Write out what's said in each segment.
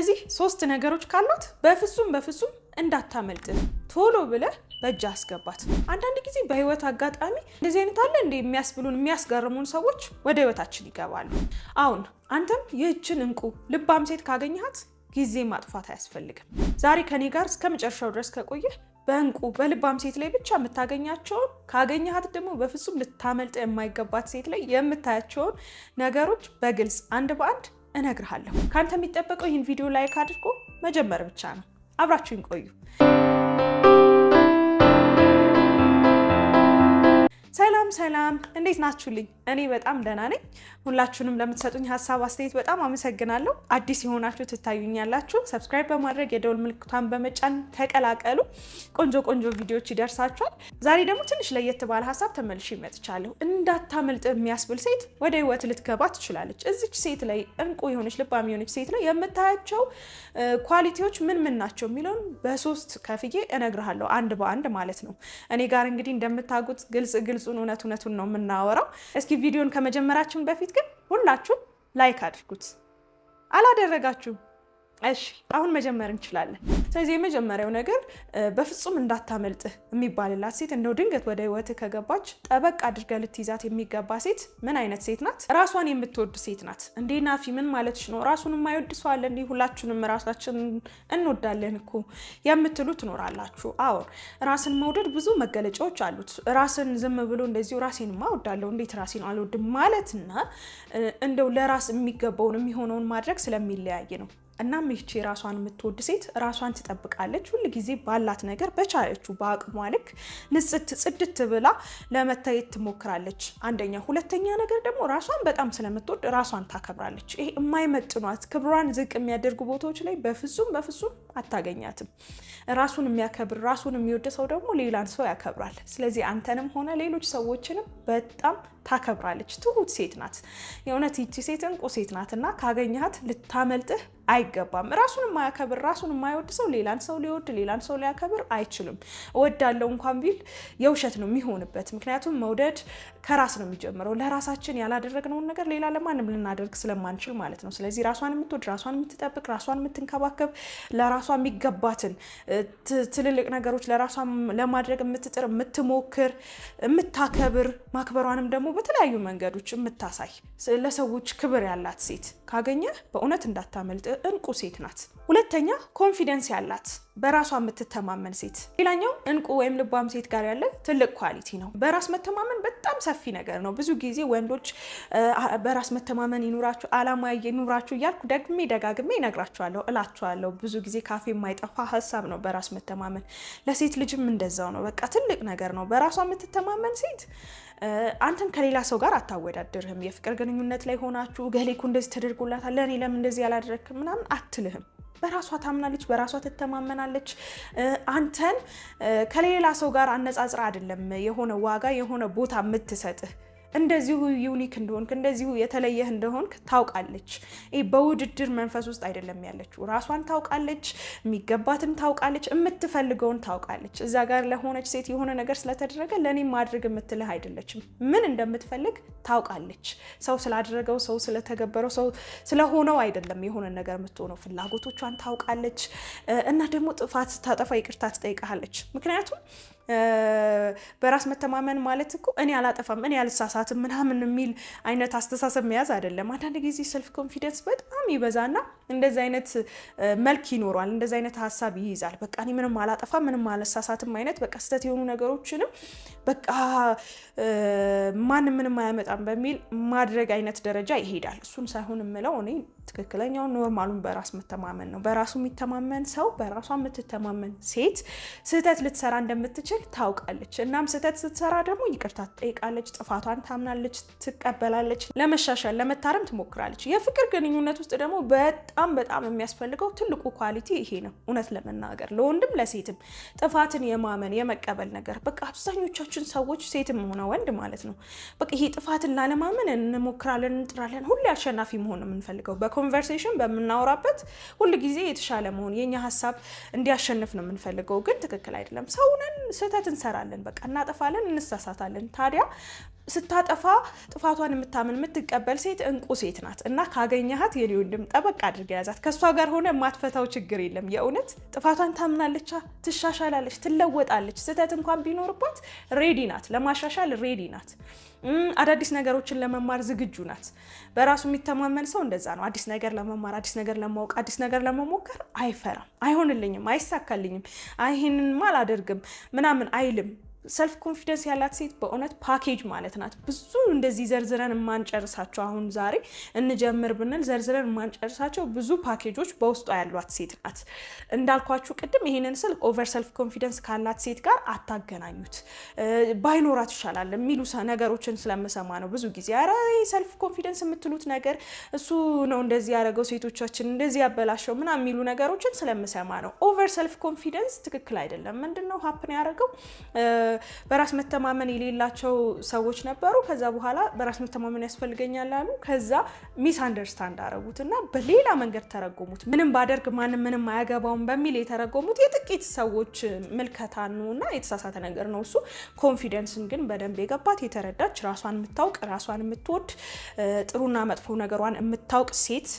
እነዚህ ሶስት ነገሮች ካሏት በፍጹም በፍጹም እንዳታመልጥ ቶሎ ብለህ በእጅ አስገባት። አንዳንድ ጊዜ በህይወት አጋጣሚ እንደዚህ አይነት አለ እንደ የሚያስብሉን የሚያስገርሙን ሰዎች ወደ ህይወታችን ይገባሉ። አሁን አንተም ይህችን እንቁ ልባም ሴት ካገኘሃት ጊዜ ማጥፋት አያስፈልግም። ዛሬ ከኔ ጋር እስከ መጨረሻው ድረስ ከቆየህ በእንቁ በልባም ሴት ላይ ብቻ የምታገኛቸውን ካገኘሃት ደግሞ በፍጹም ልታመልጥ የማይገባት ሴት ላይ የምታያቸውን ነገሮች በግልጽ አንድ በአንድ እነግርሃለሁ። ከአንተ የሚጠበቀው ይህን ቪዲዮ ላይክ አድርጎ መጀመር ብቻ ነው። አብራችሁን ቆዩ። ሰላም ሰላም፣ እንዴት ናችሁልኝ? እኔ በጣም ደህና ነኝ። ሁላችሁንም ለምትሰጡኝ ሀሳብ አስተያየት በጣም አመሰግናለሁ። አዲስ የሆናችሁ ትታዩኛላችሁ፣ ሰብስክራይብ በማድረግ የደውል ምልክቷን በመጫን ተቀላቀሉ። ቆንጆ ቆንጆ ቪዲዮዎች ይደርሳችኋል። ዛሬ ደግሞ ትንሽ ለየት ባለ ሀሳብ ተመልሼ መጥቻለሁ። እንዳታመልጥ የሚያስብል ሴት ወደ ህይወት ልትገባ ትችላለች። እዚች ሴት ላይ እንቁ የሆነች ልባም የሆነች ሴት ላይ የምታያቸው ኳሊቲዎች ምን ምን ናቸው የሚለውን በሶስት ከፍዬ እነግርሃለሁ፣ አንድ በአንድ ማለት ነው። እኔ ጋር እንግዲህ እንደምታውቁት ግልጽ ግልጽ ግልጹን እውነት እውነቱን ነው የምናወራው። እስኪ ቪዲዮን ከመጀመራችን በፊት ግን ሁላችሁም ላይክ አድርጉት። አላደረጋችሁም እሺ አሁን መጀመር እንችላለን። ስለዚህ የመጀመሪያው ነገር በፍጹም እንዳታመልጥህ የሚባልላት ሴት እንደው ድንገት ወደ ህይወትህ ከገባች ጠበቅ አድርገህ ልትይዛት የሚገባ ሴት ምን አይነት ሴት ናት? ራሷን የምትወድ ሴት ናት። እንዴ ናፊ ምን ማለትሽ ነው? ራሱን የማይወድ ሰው አለ? እንዲህ ሁላችንም ራሳችን እንወዳለን እኮ የምትሉ ትኖራላችሁ። አዎ ራስን መውደድ ብዙ መገለጫዎች አሉት። ራስን ዝም ብሎ እንደዚሁ ራሴን ማወዳለሁ እንዴት ራሴን አልወድም ማለትና እንደው ለራስ የሚገባውን የሚሆነውን ማድረግ ስለሚለያይ ነው። እናም ይቺ ራሷን የምትወድ ሴት ራሷን ትጠብቃለች። ሁል ጊዜ ባላት ነገር በቻለችው በአቅሟ ልክ ንጽት ጽድት ብላ ለመታየት ትሞክራለች። አንደኛ። ሁለተኛ ነገር ደግሞ ራሷን በጣም ስለምትወድ ራሷን ታከብራለች። ይሄ የማይመጥኗት ክብሯን ዝቅ የሚያደርጉ ቦታዎች ላይ በፍጹም በፍጹም አታገኛትም። ራሱን የሚያከብር ራሱን የሚወድ ሰው ደግሞ ሌላን ሰው ያከብራል። ስለዚህ አንተንም ሆነ ሌሎች ሰዎችንም በጣም ታከብራለች። ትሁት ሴት ናት። የእውነት ይቺ ሴት እንቁ ሴት ናት እና ካገኘሃት ልታመልጥህ አይገባም። ራሱን የማያከብር ራሱን የማይወድ ሰው ሌላን ሰው ሊወድ ሌላን ሰው ሊያከብር አይችልም። እወዳለው እንኳን ቢል የውሸት ነው የሚሆንበት። ምክንያቱም መውደድ ከራስ ነው የሚጀምረው። ለራሳችን ያላደረግነውን ነገር ሌላ ለማንም ልናደርግ ስለማንችል ማለት ነው። ስለዚህ ራሷን የምትወድ ራሷን የምትጠብቅ ራሷን የምትንከባከብ ለራ ለራሷ የሚገባትን ትልልቅ ነገሮች ለራሷ ለማድረግ የምትጥር የምትሞክር፣ የምታከብር ማክበሯንም ደግሞ በተለያዩ መንገዶች የምታሳይ ለሰዎች ክብር ያላት ሴት ካገኘ በእውነት እንዳታመልጥ እንቁ ሴት ናት። ሁለተኛ ኮንፊደንስ ያላት በራሷ የምትተማመን ሴት። ሌላኛው እንቁ ወይም ልባም ሴት ጋር ያለ ትልቅ ኳሊቲ ነው። በራስ መተማመን በጣም ሰፊ ነገር ነው። ብዙ ጊዜ ወንዶች በራስ መተማመን ይኑራችሁ፣ አላማ ይኑራችሁ እያልኩ ደግሜ ደጋግሜ ይነግራችኋለሁ እላችኋለሁ። ብዙ ጊዜ ካፌ የማይጠፋ ሀሳብ ነው በራስ መተማመን። ለሴት ልጅም እንደዛው ነው። በቃ ትልቅ ነገር ነው። በራሷ የምትተማመን ሴት አንተን ከሌላ ሰው ጋር አታወዳድርህም። የፍቅር ግንኙነት ላይ ሆናችሁ ገሌኩ እንደዚህ ተደርጎላታል ለእኔ ለምን እንደዚህ ያላደረክ ምናምን አትልህም። በራሷ ታምናለች፣ በራሷ ትተማመናለች። አንተን ከሌላ ሰው ጋር አነጻጽራ አይደለም የሆነ ዋጋ የሆነ ቦታ የምትሰጥህ እንደዚሁ ዩኒክ እንደሆንክ እንደዚሁ የተለየህ እንደሆንክ ታውቃለች። በውድድር መንፈስ ውስጥ አይደለም ያለችው። ራሷን ታውቃለች፣ የሚገባትን ታውቃለች፣ የምትፈልገውን ታውቃለች። እዛ ጋር ለሆነች ሴት የሆነ ነገር ስለተደረገ ለእኔ ማድረግ የምትልህ አይደለችም። ምን እንደምትፈልግ ታውቃለች። ሰው ስላደረገው፣ ሰው ስለተገበረው፣ ሰው ስለሆነው አይደለም የሆነ ነገር የምትሆነው። ፍላጎቶቿን ታውቃለች እና ደግሞ ጥፋት ስታጠፋ ይቅርታ ትጠይቃለች። ምክንያቱም በራስ መተማመን ማለት እኮ እኔ አላጠፋም እኔ አልሳሳትም ምናምን የሚል አይነት አስተሳሰብ መያዝ አይደለም። አንዳንድ ጊዜ ሰልፍ ኮንፊደንስ በጣም ይበዛና እንደዚህ አይነት መልክ ይኖረዋል፣ እንደዚህ አይነት ሀሳብ ይይዛል። በቃ እኔ ምንም አላጠፋም ምንም አልሳሳትም አይነት በቃ ስህተት የሆኑ ነገሮችንም በቃ ማንም ምንም አያመጣም በሚል ማድረግ አይነት ደረጃ ይሄዳል። እሱን ሳይሆን የምለው እኔ ትክክለኛው ኖርማሉን በራስ መተማመን ነው። በራሱ የሚተማመን ሰው፣ በራሷ የምትተማመን ሴት ስህተት ልትሰራ እንደምትችል ታውቃለች። እናም ስህተት ስትሰራ ደግሞ ይቅርታ ትጠይቃለች፣ ጥፋቷን ታምናለች፣ ትቀበላለች፣ ለመሻሻል ለመታረም ትሞክራለች። የፍቅር ግንኙነት ውስጥ ደግሞ በጣም በጣም የሚያስፈልገው ትልቁ ኳሊቲ ይሄ ነው። እውነት ለመናገር ለወንድም ለሴትም ጥፋትን የማመን የመቀበል ነገር በቃ አብዛኞቻችን ሰዎች ሴትም ሆነ ወንድ ማለት ነው በቃ ይሄ ጥፋትን ላለማመን እንሞክራለን፣ እንጥራለን። ሁሌ አሸናፊ መሆን የምንፈልገው በኮንቨርሴሽን በምናወራበት ሁል ጊዜ የተሻለ መሆን የኛ ሀሳብ እንዲያሸንፍ ነው የምንፈልገው፣ ግን ትክክል አይደለም። ሰውነን ስህተት እንሰራለን፣ በቃ እናጠፋለን፣ እንሳሳታለን። ታዲያ ስታጠፋ ጥፋቷን የምታምን የምትቀበል ሴት እንቁ ሴት ናት እና ካገኘሃት የሊወንድም ጠበቅ አድርገ ያዛት። ከእሷ ጋር ሆነ ማትፈታው ችግር የለም። የእውነት ጥፋቷን ታምናለች፣ ትሻሻላለች፣ ትለወጣለች። ስህተት እንኳን ቢኖርባት ሬዲ ናት፣ ለማሻሻል ሬዲ ናት። አዳዲስ ነገሮችን ለመማር ዝግጁ ናት። በራሱ የሚተማመን ሰው እንደዛ ነው። አዲስ ነገር ለመማር፣ አዲስ ነገር ለማወቅ፣ አዲስ ነገር ለመሞከር አይፈራም። አይሆንልኝም፣ አይሳካልኝም፣ አይህንንም አላደርግም ምናምን አይልም። ሰልፍ ኮንፊደንስ ያላት ሴት በእውነት ፓኬጅ ማለት ናት። ብዙ እንደዚህ ዘርዝረን የማንጨርሳቸው አሁን ዛሬ እንጀምር ብንል ዘርዝረን የማንጨርሳቸው ብዙ ፓኬጆች በውስጧ ያሏት ሴት ናት። እንዳልኳችሁ ቅድም ይህንን ስል ኦቨር ሰልፍ ኮንፊደንስ ካላት ሴት ጋር አታገናኙት። ባይኖራት ይሻላል የሚሉ ነገሮችን ስለምሰማ ነው ብዙ ጊዜ። ኧረ ሰልፍ ኮንፊደንስ የምትሉት ነገር እሱ ነው እንደዚህ ያደረገው ሴቶቻችን እንደዚህ ያበላሸው ምናምን የሚሉ ነገሮችን ስለምሰማ ነው። ኦቨር ሰልፍ ኮንፊደንስ ትክክል አይደለም። ምንድን ነው ሀፕን ያደረገው በራስ መተማመን የሌላቸው ሰዎች ነበሩ። ከዛ በኋላ በራስ መተማመን ያስፈልገኛል አሉ። ከዛ ሚስ አንደርስታንድ አረጉት እና በሌላ መንገድ ተረጎሙት። ምንም ባደርግ ማንም ምንም አያገባውም በሚል የተረጎሙት የጥቂት ሰዎች ምልከታ ነው እና የተሳሳተ ነገር ነው እሱ። ኮንፊደንስን ግን በደንብ የገባት የተረዳች ራሷን የምታውቅ ራሷን የምትወድ ጥሩና መጥፎ ነገሯን የምታውቅ ሴት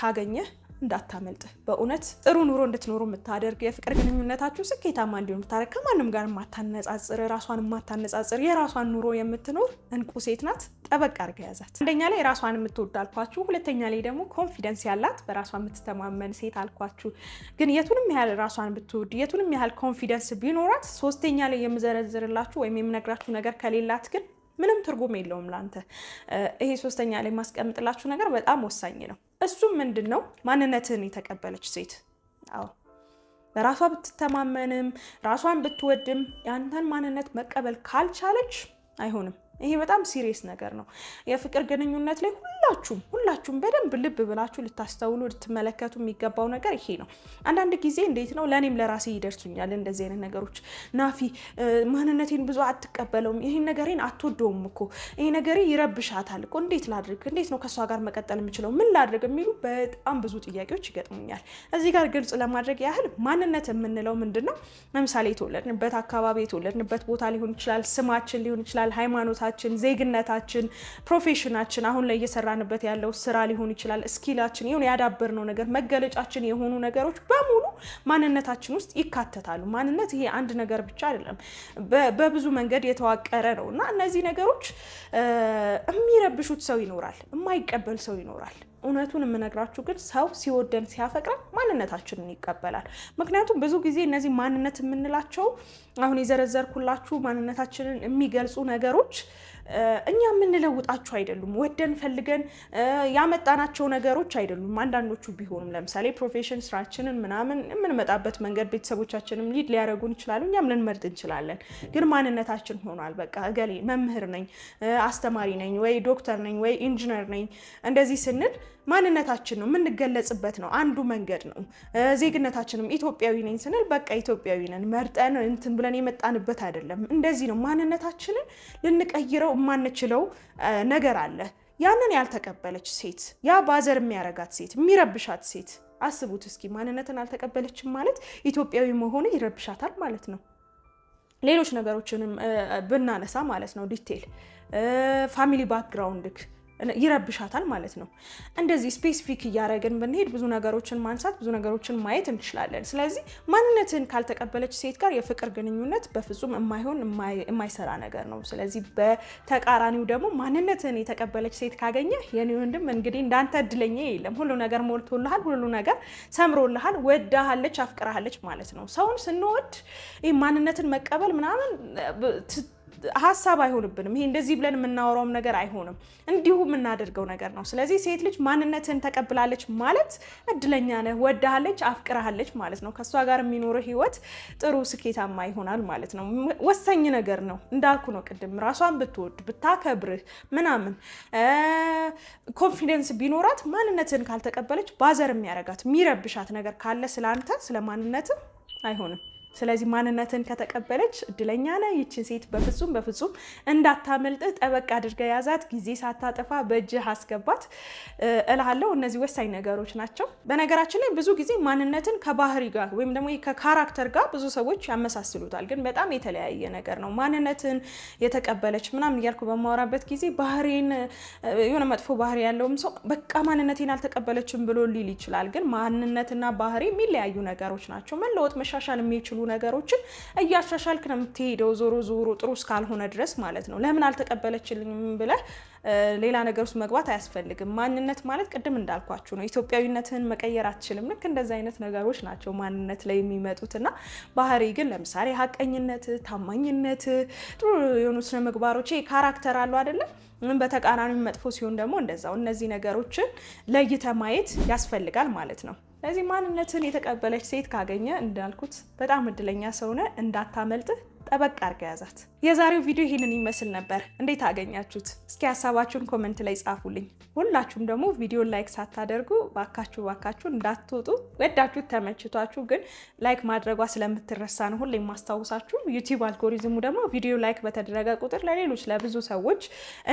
ካገኘህ እንዳታመልጥ። በእውነት ጥሩ ኑሮ እንድትኖሩ የምታደርግ የፍቅር ግንኙነታችሁ ስኬታማ እንዲሆን የምታደርግ ከማንም ጋር የማታነጻጽር ራሷን የማታነጻጽር የራሷን ኑሮ የምትኖር እንቁ ሴት ናት። ጠበቅ አድርገ ያዛት። አንደኛ ላይ ራሷን የምትወድ አልኳችሁ። ሁለተኛ ላይ ደግሞ ኮንፊደንስ ያላት በራሷ የምትተማመን ሴት አልኳችሁ። ግን የቱንም ያህል ራሷን ብትወድ የቱንም ያህል ኮንፊደንስ ቢኖራት፣ ሶስተኛ ላይ የምዘረዝርላችሁ ወይም የምነግራችሁ ነገር ከሌላት ግን ምንም ትርጉም የለውም ለአንተ። ይሄ ሶስተኛ ላይ ማስቀምጥላችሁ ነገር በጣም ወሳኝ ነው። እሱም ምንድን ነው? ማንነትህን የተቀበለች ሴት። አዎ በራሷ ብትተማመንም ራሷን ብትወድም ያንተን ማንነት መቀበል ካልቻለች አይሆንም። ይሄ በጣም ሲሪየስ ነገር ነው። የፍቅር ግንኙነት ላይ ሁላችሁም ሁላችሁም በደንብ ልብ ብላችሁ ልታስተውሉ ልትመለከቱ የሚገባው ነገር ይሄ ነው። አንዳንድ ጊዜ እንዴት ነው ለእኔም ለራሴ ይደርሱኛል እንደዚህ አይነት ነገሮች። ናፊ ማንነቴን ብዙ አትቀበለውም፣ ይህን ነገሬን አትወደውም እኮ ይሄ ነገሬ ይረብሻታል እኮ እንዴት ላድርግ? እንዴት ነው ከእሷ ጋር መቀጠል የምችለው? ምን ላድርግ? የሚሉ በጣም ብዙ ጥያቄዎች ይገጥሙኛል። እዚህ ጋር ግልጽ ለማድረግ ያህል ማንነት የምንለው ምንድን ነው? ለምሳሌ የተወለድንበት አካባቢ፣ የተወለድንበት ቦታ ሊሆን ይችላል፣ ስማችን ሊሆን ይችላል፣ ሃይማኖት ሃይማኖታችን፣ ዜግነታችን፣ ፕሮፌሽናችን፣ አሁን ላይ እየሰራንበት ያለው ስራ ሊሆን ይችላል፣ እስኪላችን ይሁን ያዳበርነው ነገር መገለጫችን የሆኑ ነገሮች በሙሉ ማንነታችን ውስጥ ይካተታሉ። ማንነት ይሄ አንድ ነገር ብቻ አይደለም፣ በብዙ መንገድ የተዋቀረ ነው እና እነዚህ ነገሮች የሚረብሹት ሰው ይኖራል፣ የማይቀበል ሰው ይኖራል። እውነቱን የምነግራችሁ ግን ሰው ሲወደን ሲያፈቅረን ማንነታችንን ይቀበላል። ምክንያቱም ብዙ ጊዜ እነዚህ ማንነት የምንላቸው አሁን የዘረዘርኩላችሁ ማንነታችንን የሚገልጹ ነገሮች እኛ የምንለውጣቸው አይደሉም። ወደን ፈልገን ያመጣናቸው ነገሮች አይደሉም። አንዳንዶቹ ቢሆኑም ለምሳሌ ፕሮፌሽን፣ ስራችንን ምናምን የምንመጣበት መንገድ ቤተሰቦቻችንም ሊድ ሊያደርጉን ይችላሉ፣ እኛም ልንመርጥ እንችላለን። ግን ማንነታችን ሆኗል። በቃ እገሌ መምህር ነኝ፣ አስተማሪ ነኝ፣ ወይ ዶክተር ነኝ፣ ወይ ኢንጂነር ነኝ እንደዚህ ስንል ማንነታችን ነው የምንገለጽበት ነው አንዱ መንገድ ነው። ዜግነታችንም ኢትዮጵያዊ ነኝ ስንል በቃ ኢትዮጵያዊ ነን መርጠን እንትን ብለን የመጣንበት አይደለም። እንደዚህ ነው ማንነታችንን ልንቀይረው የማንችለው ነገር አለ። ያንን ያልተቀበለች ሴት ያ ባዘር የሚያረጋት ሴት የሚረብሻት ሴት አስቡት እስኪ ማንነትን አልተቀበለችም ማለት ኢትዮጵያዊ መሆን ይረብሻታል ማለት ነው። ሌሎች ነገሮችንም ብናነሳ ማለት ነው ዲቴል ፋሚሊ ባክግራውንድክ ይረብሻታል ማለት ነው። እንደዚህ ስፔሲፊክ እያደረግን ብንሄድ ብዙ ነገሮችን ማንሳት ብዙ ነገሮችን ማየት እንችላለን። ስለዚህ ማንነትን ካልተቀበለች ሴት ጋር የፍቅር ግንኙነት በፍጹም የማይሆን የማይሰራ ነገር ነው። ስለዚህ በተቃራኒው ደግሞ ማንነትን የተቀበለች ሴት ካገኘ የኔ ወንድም እንግዲህ እንዳንተ እድለኛ የለም፣ ሁሉ ነገር ሞልቶልሃል፣ ሁሉ ነገር ሰምሮልሃል፣ ወዳሃለች፣ አፍቅራሃለች ማለት ነው። ሰውን ስንወድ ማንነትን መቀበል ምናምን ሀሳብ አይሆንብንም። ይሄ እንደዚህ ብለን የምናወራውም ነገር አይሆንም፣ እንዲሁ የምናደርገው ነገር ነው። ስለዚህ ሴት ልጅ ማንነትን ተቀብላለች ማለት እድለኛ ነህ፣ ወዳሃለች፣ አፍቅራሃለች ማለት ነው። ከእሷ ጋር የሚኖረ ህይወት ጥሩ ስኬታማ ይሆናል ማለት ነው። ወሳኝ ነገር ነው እንዳልኩ ነው ቅድም። ራሷን ብትወድ ብታከብርህ፣ ምናምን ኮንፊደንስ ቢኖራት ማንነትን ካልተቀበለች ባዘር የሚያረጋት የሚረብሻት ነገር ካለ ስለአንተ አንተ ስለ ማንነትም አይሆንም። ስለዚህ ማንነትን ከተቀበለች እድለኛ ነ ይችን ሴት በፍጹም በፍጹም እንዳታመልጥ ጠበቅ አድርገ ያዛት፣ ጊዜ ሳታጠፋ በእጅህ አስገባት እላለው። እነዚህ ወሳኝ ነገሮች ናቸው። በነገራችን ላይ ብዙ ጊዜ ማንነትን ከባህሪ ጋር ወይም ደግሞ ከካራክተር ጋር ብዙ ሰዎች ያመሳስሉታል፣ ግን በጣም የተለያየ ነገር ነው። ማንነትን የተቀበለች ምናምን እያልኩ በማወራበት ጊዜ ባህሪን የሆነ መጥፎ ባህሪ ያለውም ሰው በቃ ማንነቴን አልተቀበለችም ብሎ ሊል ይችላል። ግን ማንነትና ባህሪ የሚለያዩ ነገሮች ናቸው። መለወጥ መሻሻል የሚችሉ ነገሮችን እያሻሻልክ ነው የምትሄደው፣ ዞሮ ዞሮ ጥሩ እስካልሆነ ድረስ ማለት ነው። ለምን አልተቀበለችልኝም ብለህ ሌላ ነገር ውስጥ መግባት አያስፈልግም። ማንነት ማለት ቅድም እንዳልኳችሁ ነው። ኢትዮጵያዊነትህን መቀየር አትችልም። ልክ እንደዚ አይነት ነገሮች ናቸው ማንነት ላይ የሚመጡትና ባህሪ ግን ለምሳሌ ሀቀኝነት፣ ታማኝነት፣ ጥሩ የሆኑ ስነ ምግባሮች ካራክተር አሉ አይደለም ምን በተቃራኒ መጥፎ ሲሆን ደግሞ እንደዛው እነዚህ ነገሮችን ለይተ ማየት ያስፈልጋል ማለት ነው። ስለዚህ ማንነትን የተቀበለች ሴት ካገኘ እንዳልኩት በጣም እድለኛ ሰውነ እንዳታመልጥህ ጠበቅ አድርጋ ያዛት። የዛሬው ቪዲዮ ይህንን ይመስል ነበር። እንዴት አገኛችሁት? እስኪ ሀሳባችሁን ኮመንት ላይ ጻፉልኝ። ሁላችሁም ደግሞ ቪዲዮን ላይክ ሳታደርጉ ባካችሁ ባካችሁ እንዳትወጡ። ወዳችሁ ተመችቷችሁ፣ ግን ላይክ ማድረጓ ስለምትረሳ ነው ሁሌ የማስታውሳችሁ። ዩቲዩብ አልጎሪዝሙ ደግሞ ቪዲዮ ላይክ በተደረገ ቁጥር ለሌሎች ለብዙ ሰዎች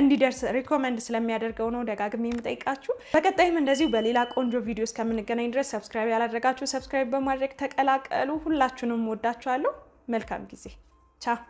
እንዲደርስ ሪኮመንድ ስለሚያደርገው ነው ደጋግሜ የምጠይቃችሁ። በቀጣይም እንደዚሁ በሌላ ቆንጆ ቪዲዮ እስከምንገናኝ ድረስ ሰብስክራይብ ያላደረጋችሁ ሰብስክራይብ በማድረግ ተቀላቀሉ። ሁላችሁንም ወዳችኋለሁ። መልካም ጊዜ Tchau!